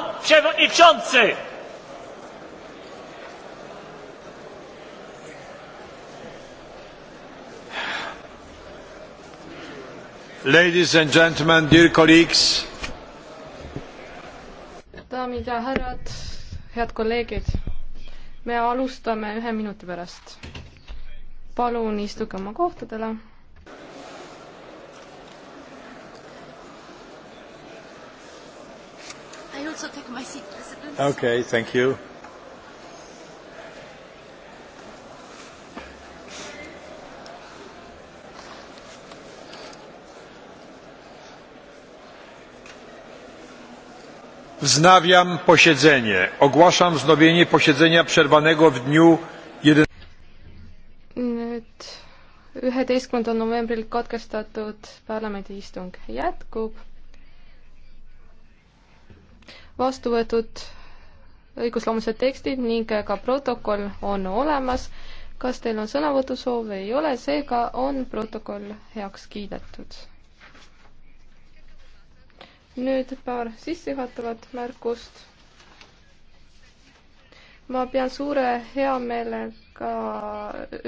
Pan Przewodniczący! Ladies and gentlemen, dear colleagues. daamid ja härrad, head kolleegid, me alustame ühe minuti pärast. palun istuge oma kohtadele also take my seat, President. Okay, thank you. Wznawiam posiedzenie. Ogłaszam wznowienie posiedzenia przerwanego w dniu 11. Nüüd 11. novembril katkestatud parlamendi istung jätkub vastu võetud õigusloomulised tekstid ning ka protokoll on olemas. kas teil on sõnavõtusoove? ei ole, seega on protokoll heaks kiidetud. nüüd paar sissejuhatavat märkust. ma pean suure heameelega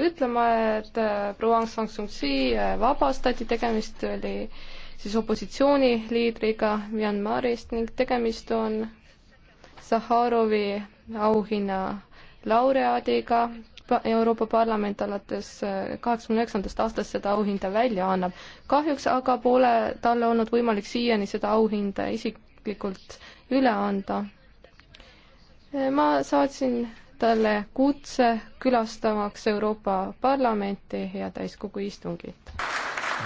ütlema, et proua Aung San Suu Kyi vabastati, tegemist oli äh, siis opositsiooniliidriga Myanmarist ning tegemist on Saharovi auhinna laureaadiga, Euroopa Parlament alates äh, kaheksakümne üheksandast aastast seda auhinda välja annab. kahjuks aga pole talle olnud võimalik siiani seda auhinda isiklikult üle anda. Äh, ma saatsin talle kutse külastamaks Euroopa Parlamenti ja täiskogu istungit.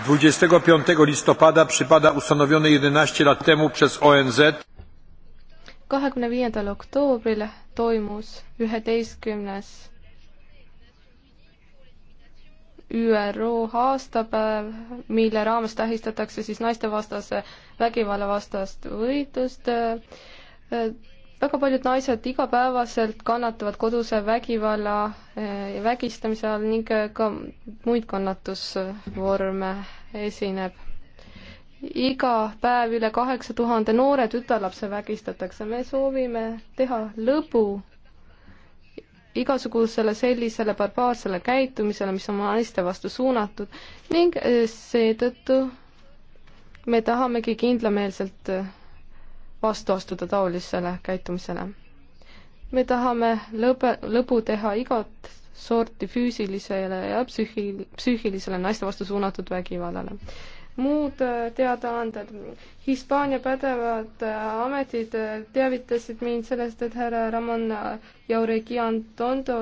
25 listopada przypada ustanowione 11 lat temu przez ONZ kahekümne viiendal oktoobril toimus üheteistkümnes ÜRO aastapäev, mille raames tähistatakse siis naistevastase vägivalla vastast võitlust väga paljud naised igapäevaselt kannatavad koduse vägivalla eh, ja vägistamise all ning eh, ka muid kannatusvorme esineb. iga päev üle kaheksa tuhande noore tütarlapse vägistatakse, me soovime teha lõbu igasugusele sellisele barbaarsele käitumisele, mis on naiste vastu suunatud ning eh, seetõttu me tahamegi kindlameelselt vastu astuda taolisele käitumisele. me tahame lõbe, lõbu teha igat sorti füüsilisele ja psüühi-, psüühilisele naiste vastu suunatud vägivallale. muud äh, teadaanded. Hispaania pädevad äh, ametid äh, teavitasid mind sellest, et härra Ramon Jauregi Antondo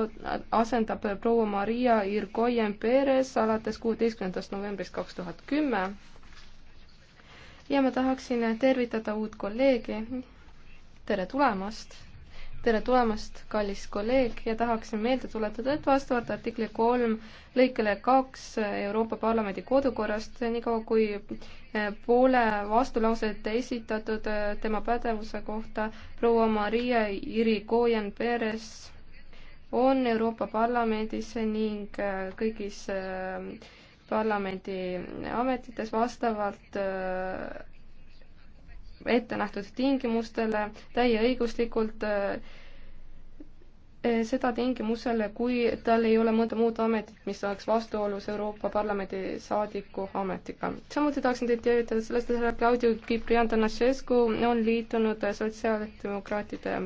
asendab proua Maria Irgoyen Perez alates kuueteistkümnendast novembrist kaks tuhat kümme ja ma tahaksin tervitada uut kolleegi. tere tulemast! tere tulemast, kallis kolleeg ja tahaksin meelde tuletada, et vastavalt artikli kolm lõikele kaks Euroopa Parlamendi kodukorrast, niikaua kui eh, poole vastulauset esitatud eh, tema pädevuse kohta proua Maria Irigoyen Perez on Euroopa Parlamendis ning eh, kõigis äh, parlamendi ametites vastavalt äh, ette nähtud tingimustele täieõiguslikult äh, äh, seda tingimusele, kui tal ei ole mõnda muud ametit, mis oleks vastuolus Euroopa Parlamendi saadiku ametiga. samuti tahaksin teid teavitada sellest, et härra Claudio Ciprian Tanašescu on liitunud sotsiaaldemokraatide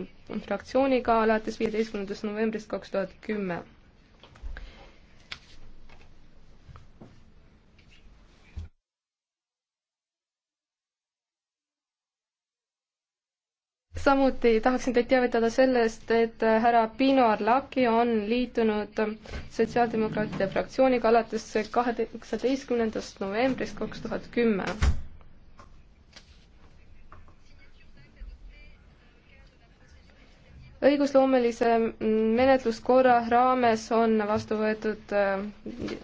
fraktsiooniga alates viieteistkümnendast novembrist kaks tuhat kümme samuti tahaksin teid teavitada sellest, et äh, härra Pino Arlaki on liitunud Sotsiaaldemokraatide fraktsiooniga alates kaheksateistkümnendast novembrist kaks tuhat kümme. õigusloomelise menetluskorra raames on vastu võetud äh,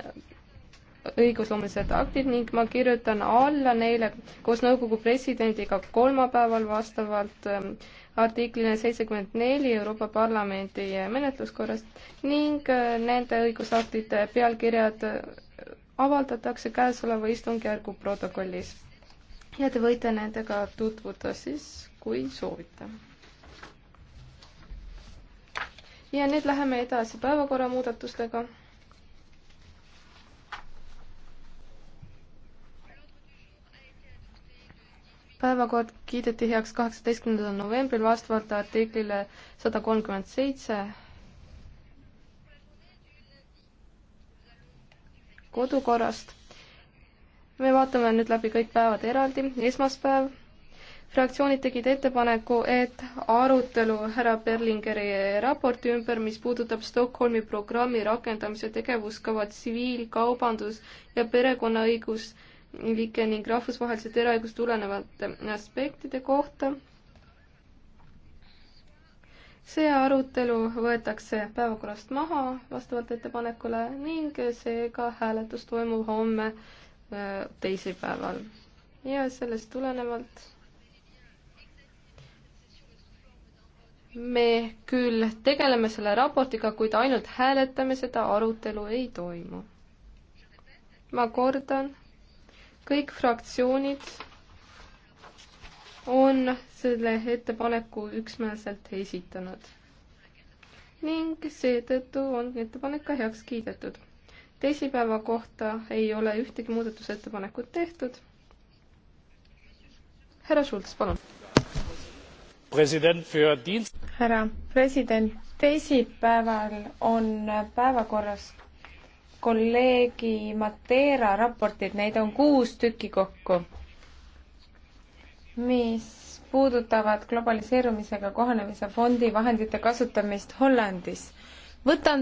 õigusloomelised aktid ning ma kirjutan alla neile koos nõukogu presidendiga kolmapäeval vastavalt ähm, artiklile seitsekümmend neli Euroopa Parlamendi menetluskorrast ning äh, nende õigusaktide pealkirjad äh, avaldatakse käesoleva istungjärgu protokollis. ja te võite nendega tutvuda siis, kui soovite. ja nüüd läheme edasi päevakorra muudatustega päevakord kiideti heaks kaheksateistkümnendal novembril vastavalt artiklile sada kolmkümmend seitse kodukorrast. me vaatame nüüd läbi kõik päevad eraldi. esmaspäev, fraktsioonid tegid ettepaneku, et arutelu härra Berlingeri raporti ümber, mis puudutab Stockholmi programmi rakendamise tegevuskava tsiviil, kaubandus ja perekonnaõigus like ning rahvusvahelisest eraõigust tulenevate aspektide kohta. see arutelu võetakse päevakorrast maha vastavalt ettepanekule ning seega hääletus toimub homme äh, teisipäeval. ja sellest tulenevalt me küll tegeleme selle raportiga, kuid ainult hääletame seda, arutelu ei toimu. ma kordan kõik fraktsioonid on selle ettepaneku üksmeelselt esitanud ning seetõttu on ettepanek ka heaks kiidetud. teisipäeva kohta ei ole ühtegi muudatusettepanekut tehtud. härra Schultz, palun. härra president, teisipäeval on päevakorras kolleegi Matera raportid, neid on kuus tükki kokku, mis puudutavad globaliseerumisega kohanemise fondi vahendite kasutamist Hollandis. võtan